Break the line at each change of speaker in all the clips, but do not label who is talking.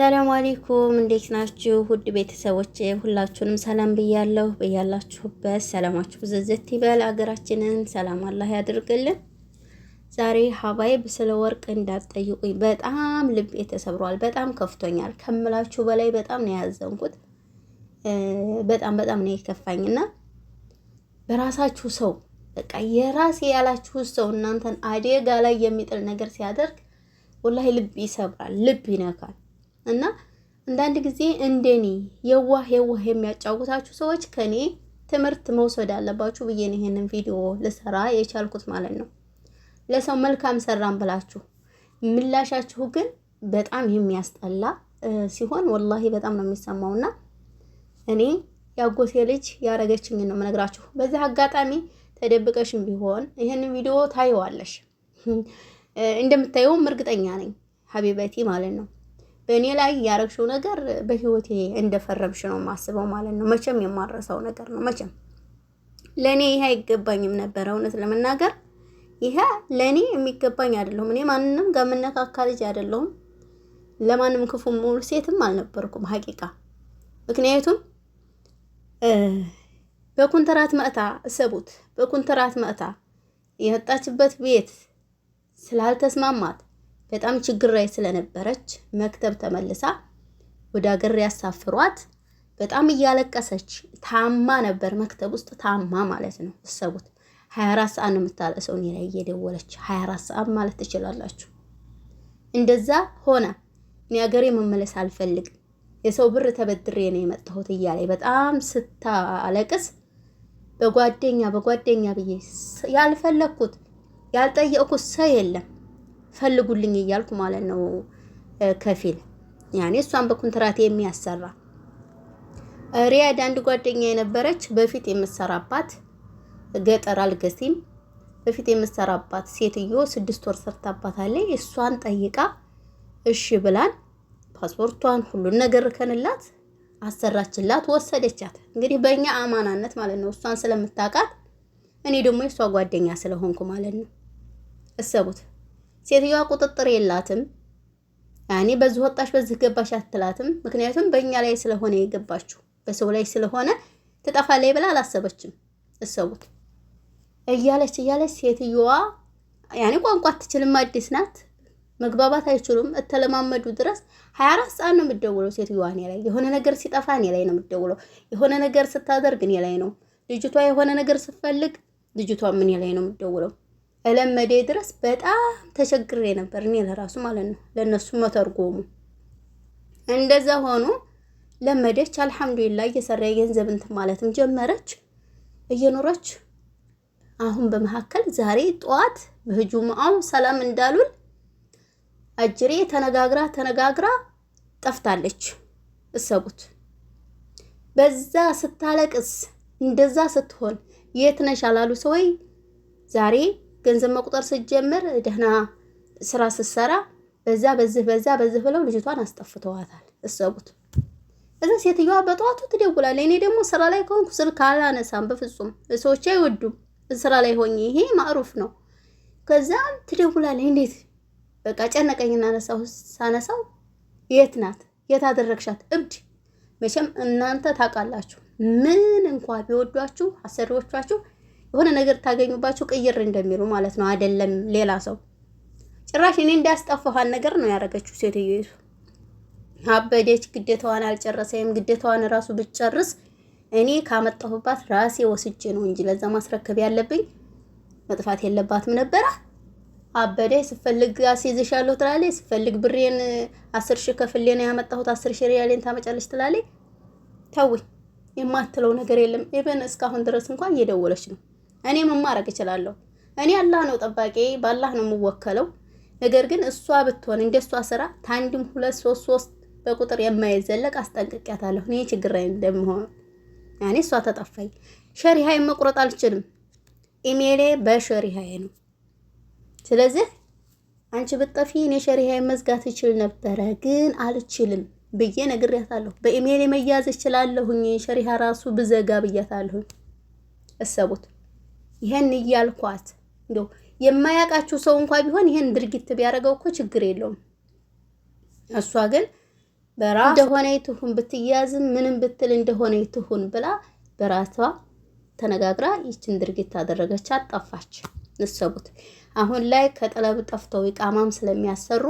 ሰላም አለይኩም እንዴት ናችሁ? ውድ ቤተሰቦች ሁላችሁንም ሰላም ብያለሁ። ብያላችሁበት ሰላማችሁ ብዝዝት ይበል። አገራችንን ሰላም አላህ ያድርግልን። ዛሬ ሀባይብ ስለ ወርቅ እንዳትጠይቁኝ፣ በጣም ልቤ ተሰብሯል። በጣም ከፍቶኛል ከምላችሁ በላይ በጣም ነው ያዘንኩት። በጣም በጣም ነው የከፋኝና በራሳችሁ ሰው በቃ የራሴ ያላችሁ ሰው እናንተን አደጋ ላይ የሚጥል ነገር ሲያደርግ ወላሂ ልብ ይሰብራል፣ ልብ ይነካል። እና አንዳንድ ጊዜ እንደኔ የዋህ የዋህ የሚያጫውታችሁ ሰዎች ከኔ ትምህርት መውሰድ አለባችሁ ብዬ ነው ይሄንን ቪዲዮ ልሰራ የቻልኩት ማለት ነው። ለሰው መልካም ሰራን ብላችሁ ምላሻችሁ ግን በጣም የሚያስጠላ ሲሆን ወላሂ በጣም ነው የሚሰማውና እኔ ያጎቴ ልጅ ያረገችኝን ነው የምነግራችሁ። በዚህ አጋጣሚ ተደብቀሽም ቢሆን ይህንን ቪዲዮ ታየዋለሽ እንደምታየውም እርግጠኛ ነኝ ሀቢበቲ ማለት ነው። እኔ ላይ ያረግሽው ነገር በህይወቴ እንደፈረምሽ ነው ማስበው ማለት ነው። መቼም የማረሰው ነገር ነው። መቼም ለእኔ ይሄ አይገባኝም ነበረ። እውነት ለመናገር ይሄ ለእኔ የሚገባኝ አይደለሁም። እኔ ማንንም ጋር የምነካካ ልጅ አይደለሁም። ለማንም ክፉ ሙሉ ሴትም አልነበርኩም ሀቂቃ። ምክንያቱም በኩንትራት መእታ እሰቡት፣ በኩንትራት መእታ የመጣችበት ቤት ስላልተስማማት በጣም ችግር ላይ ስለነበረች መክተብ ተመልሳ ወደ ሀገር ያሳፍሯት። በጣም እያለቀሰች ታማ ነበር፣ መክተብ ውስጥ ታማ ማለት ነው። እሰቡት፣ 24 ሰዓት ነው የምታለቅሰው፣ እኔ ላይ እየደወለች 24 ሰዓት ማለት ትችላላችሁ። እንደዛ ሆነ። እኔ አገሬ መመለስ አልፈልግም፣ የሰው ብር ተበድሬ ነው የመጣሁት እያለ በጣም ስታለቅስ በጓደኛ በጓደኛ ብዬ ያልፈለግኩት ያልጠየቅኩት ሰው የለም ፈልጉልኝ እያልኩ ማለት ነው። ከፊል ያኔ እሷን በኮንትራት የሚያሰራ ሪያድ አንድ ጓደኛ የነበረች በፊት የምሰራባት ገጠር አልገሲም በፊት የምትሰራባት ሴትዮ ስድስት ወር ሰርታባታለች። እሷን ጠይቃ እሺ ብላን ፓስፖርቷን ሁሉን ነገር ከንላት አሰራችላት፣ ወሰደቻት። እንግዲህ በእኛ አማናነት ማለት ነው እሷን ስለምታውቃት እኔ ደግሞ የእሷ ጓደኛ ስለሆንኩ ማለት ነው። እሰቡት። ሴትዮዋ ቁጥጥር የላትም። ያኔ በዚህ ወጣሽ በዚህ ገባሽ አትላትም። ምክንያቱም በእኛ ላይ ስለሆነ የገባችው በሰው ላይ ስለሆነ ትጠፋ ላይ ብላ አላሰበችም። እሰቡት እያለች እያለች ሴትዮዋ ያኔ ቋንቋ አትችልም፣ አዲስ ናት፣ መግባባት አይችሉም። እተለማመዱ ድረስ ሀያ አራት ሰዓት ነው የምደውለው ሴትዮዋ እኔ ላይ የሆነ ነገር ሲጠፋ እኔ ላይ ነው የምደውለው። የሆነ ነገር ስታደርግ እኔ ላይ ነው ልጅቷ የሆነ ነገር ስትፈልግ ልጅቷ ምን ላይ ነው የምደውለው። እለመዴ ድረስ በጣም ተቸግሬ ነበር እኔ ለራሱ ማለት ነው ለእነሱ መተርጎሙ እንደዛ ሆኖ ለመደች። አልሐምዱሊላ እየሰራ የገንዘብ እንትን ማለትም ጀመረች እየኖረች አሁን በመካከል ዛሬ ጠዋት በጁምአው ሰላም እንዳሉን አጅሬ ተነጋግራ ተነጋግራ ጠፍታለች። እሰቡት። በዛ ስታለቅስ እንደዛ ስትሆን የት ነሽ አላሉ ሰውዬ ዛሬ ገንዘብ መቁጠር ስትጀምር ደህና ስራ ስትሰራ በዛ በዚህ በዛ በዚህ ብለው ልጅቷን አስጠፍተዋታል። እሰቡት። እዛ ሴትዮዋ በጠዋቱ ትደውላለች። እኔ ደግሞ ስራ ላይ ከሆንኩ ስልክ አላነሳም በፍጹም ሰዎች አይወዱም። ስራ ላይ ሆኜ ይሄ ማዕሩፍ ነው። ከዛም ትደውላለች። እንዴት በቃ ጨነቀኝ እናነሳው ሳነሳው የት ናት? የት አደረግሻት? እብድ መቼም እናንተ ታውቃላችሁ። ምን እንኳ ቢወዷችሁ አሰሪዎቻችሁ የሆነ ነገር ታገኙባቸው ቅይር እንደሚሉ ማለት ነው። አይደለም ሌላ ሰው ጭራሽ እኔ እንዳያስጠፋኋን ነገር ነው ያደረገችው ሴትዮ። አበደች። ግዴታዋን አልጨረሰም። ግዴታዋን ራሱ ብትጨርስ እኔ ካመጣሁባት ራሴ ወስጄ ነው እንጂ ለዛ ማስረከብ ያለብኝ መጥፋት የለባትም ነበረ። አበደች። ስፈልግ አስይዝሻለሁ ትላለች። ስፈልግ ብሬን አስር ሺህ ከፍሌ ነው ያመጣሁት አስር ሺህ ሪያሌን ታመጫለች ትላለች። ተዊ የማትለው ነገር የለም። ኢቨን እስካሁን ድረስ እንኳን እየደወለች ነው እኔ ምን ማድረግ እችላለሁ? እኔ አላህ ነው ጠባቂ፣ በአላህ ነው የምወከለው። ነገር ግን እሷ ብትሆን እንደሷ ስራ ታንድም ሁለት ሶስት ሶስት በቁጥር የማይዘለቅ አስጠንቅቂያታለሁ። እኔ ችግር ላይ እንደምሆን ያኔ እሷ ተጠፋኝ። ሸሪሃይ መቁረጥ አልችልም። ኢሜሌ በሸሪሃይ ነው። ስለዚህ አንቺ ብጠፊ እኔ ሸሪሃይ መዝጋት እችል ነበረ፣ ግን አልችልም ብዬ ነግሬያታለሁ። በኢሜሌ መያዝ እችላለሁኝ ሸሪሃ ራሱ ብዘጋ ብያታለሁኝ። እሰቡት። ይሄን እያልኳት እንደው የማያውቃችሁ ሰው እንኳ ቢሆን ይሄን ድርጊት ቢያደርገው እኮ ችግር የለውም። እሷ ግን በራ እንደሆነ ይትሁን ብትያዝም ምንም ብትል እንደሆነ ይትሁን ብላ በራሷ ተነጋግራ ይችን ድርጊት አደረገች፣ አጠፋች። ንሰቡት አሁን ላይ ከጠለብ ጠፍተው ይቃማም ስለሚያሰሩ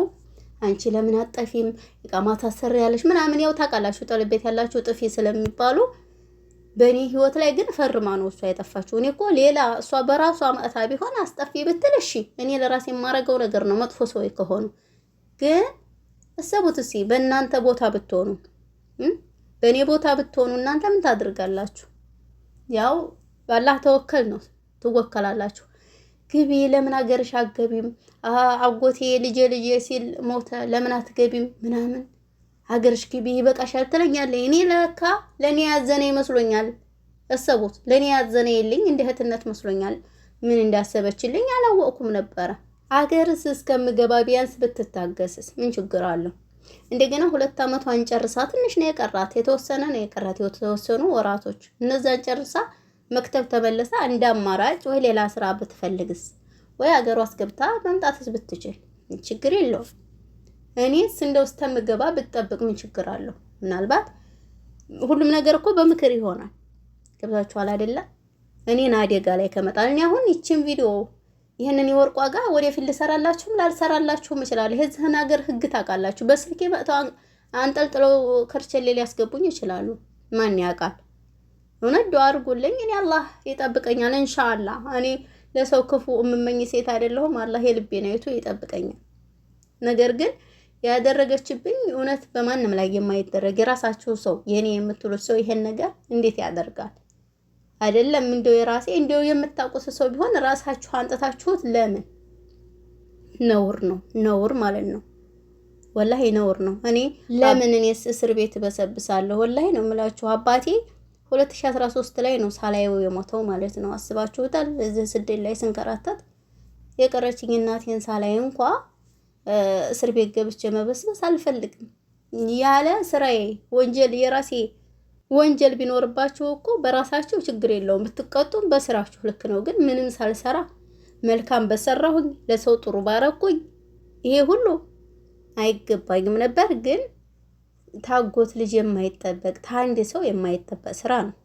አንቺ ለምን አጠፊም ይቃማ ታሰሪ ያለሽ ምናምን ያው ታውቃላችሁ፣ ጠለብ ቤት ያላችሁ ጥፊ ስለሚባሉ በእኔ ህይወት ላይ ግን ፈርማ ነው እሷ የጠፋችው። እኔ እኮ ሌላ እሷ በራሷ መእታ ቢሆን አስጠፊ ብትል እሺ፣ እኔ ለራሴ የማረገው ነገር ነው መጥፎ ሰው ከሆኑ ግን እሰቡት እስኪ በእናንተ ቦታ ብትሆኑ በእኔ ቦታ ብትሆኑ እናንተ ምን ታድርጋላችሁ? ያው ባላህ ተወከል ነው ትወከላላችሁ። ግቢ ለምን አገርሽ አገቢም አጎቴ ልጄ ልጄ ሲል ሞተ ለምን አትገቢም ምናምን አገርሽ ግቢ ይበቃሻል ትለኛለች። እኔ ለካ ለእኔ ያዘነ ይመስሎኛል። እሰቡት፣ ለእኔ ያዘነ የለኝ እንደ እህትነት መስሎኛል። ምን እንዳሰበችልኝ አላወቅኩም ነበረ። አገርስ እስከምገባ ቢያንስ ብትታገስስ ምን ችግር አለው? እንደገና ሁለት ዓመቷን ጨርሳ ትንሽ ነው የቀራት፣ የተወሰነ ነው የቀራት፣ የተወሰኑ ወራቶች እነዛን ጨርሳ መክተብ ተመለሳ እንደ አማራጭ ወይ ሌላ ስራ ብትፈልግስ ወይ አገሯስ ገብታ መምጣትስ ብትችል ችግር የለውም። እኔስ እንደው እስከምገባ ብትጠብቅ ምን ችግር አለው? ምናልባት ሁሉም ነገር እኮ በምክር ይሆናል። ገብታችኋል አይደለ? እኔን አደጋ ላይ ከመጣል እኔ አሁን ይችን ቪዲዮ ይህንን የወርቅ ዋጋ ወደፊት ልሰራላችሁም ላልሰራላችሁም እችላለሁ። የዚህን ሀገር ህግ ታውቃላችሁ። በስልኬ መጥተው አንጠልጥለው ከርቸሌ ሊያስገቡኝ ይችላሉ። ማን ያውቃል? እውነት ዱአ አድርጉልኝ። እኔ አላህ ይጠብቀኛል ኢንሻአላህ። እኔ ለሰው ክፉ መኝ ሴት አይደለሁም። አላህ የልቤን አይቶ ይጠብቀኛል። ነገር ግን ያደረገችብኝ እውነት በማንም ላይ የማይደረግ የራሳችሁ ሰው የኔ የምትሉት ሰው ይሄን ነገር እንዴት ያደርጋል? አይደለም እንደው የራሴ እንደው የምታውቁት ሰው ቢሆን ራሳችሁ አንጥታችሁት ለምን? ነውር ነው ነውር ማለት ነው። ወላሂ ነውር ነው። እኔ ለምን እኔስ እስር ቤት በሰብሳለሁ? ወላሂ ነው የምላችሁ። አባቴ 2013 ላይ ነው ሳላየው የሞተው ማለት ነው። አስባችሁታል? እዚህ ስደት ላይ ስንከራተት የቀረችኝ እናቴን ሳላይ እንኳ እስር ቤት ገብቼ መበስበስ አልፈልግም ያለ ስራዬ ወንጀል የራሴ ወንጀል ቢኖርባችሁ እኮ በራሳችሁ ችግር የለውም ብትቀጡም በስራችሁ ልክ ነው። ግን ምንም ሳልሰራ መልካም በሰራሁኝ ለሰው ጥሩ ባረኩኝ ይሄ ሁሉ አይገባኝም ነበር። ግን ታጎት ልጅ የማይጠበቅ ታንድ ሰው የማይጠበቅ ስራ ነው።